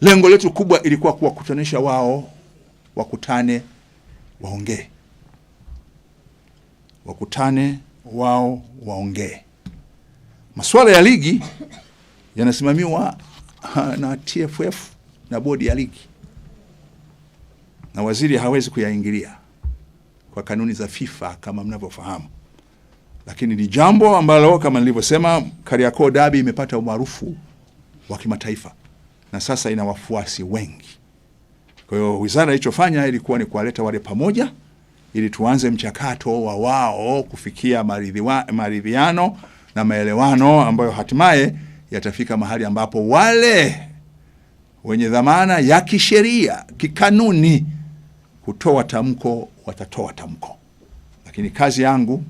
Lengo letu kubwa ilikuwa kuwakutanisha wao, wakutane waongee, wakutane wao waongee. Masuala ya ligi yanasimamiwa na TFF na bodi ya ligi, na waziri hawezi kuyaingilia kwa kanuni za FIFA kama mnavyofahamu, lakini ni jambo ambalo kama nilivyosema, Kariakoo Derby imepata umaarufu wa kimataifa na sasa ina wafuasi wengi. Kwa hiyo wizara ilichofanya ilikuwa ni kuwaleta wale pamoja ili tuanze mchakato wa wao kufikia maridhiano na maelewano ambayo hatimaye yatafika mahali ambapo wale wenye dhamana ya kisheria kikanuni kutoa tamko watatoa tamko, lakini kazi yangu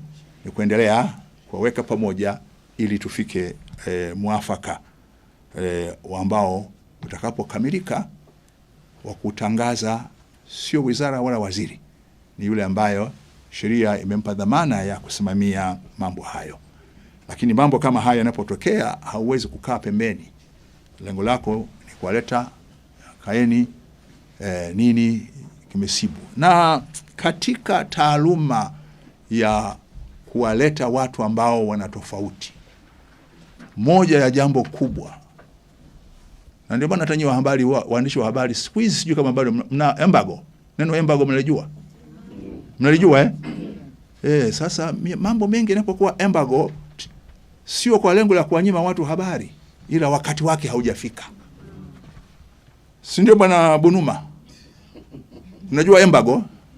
ni kuendelea kuwaweka pamoja ili tufike e, mwafaka e, ambao utakapokamilika wa kutangaza, sio wizara wala waziri, ni yule ambayo sheria imempa dhamana ya kusimamia mambo hayo. Lakini mambo kama hayo yanapotokea, hauwezi kukaa pembeni. Lengo lako ni kuwaleta kaeni, eh, nini kimesibu. Na katika taaluma ya kuwaleta watu ambao wana tofauti, moja ya jambo kubwa na ndio maana hata nyinyi waandishi wa, wa habari siku hizi sijui kama bado mna embargo. Neno embargo mnalijua? Mnalijua eh? Eh, sasa mambo mengi yanapokuwa embargo sio kwa lengo la kuwanyima watu habari, ila wakati wake haujafika. Si ndio bwana Bunuma? Unajua embargo?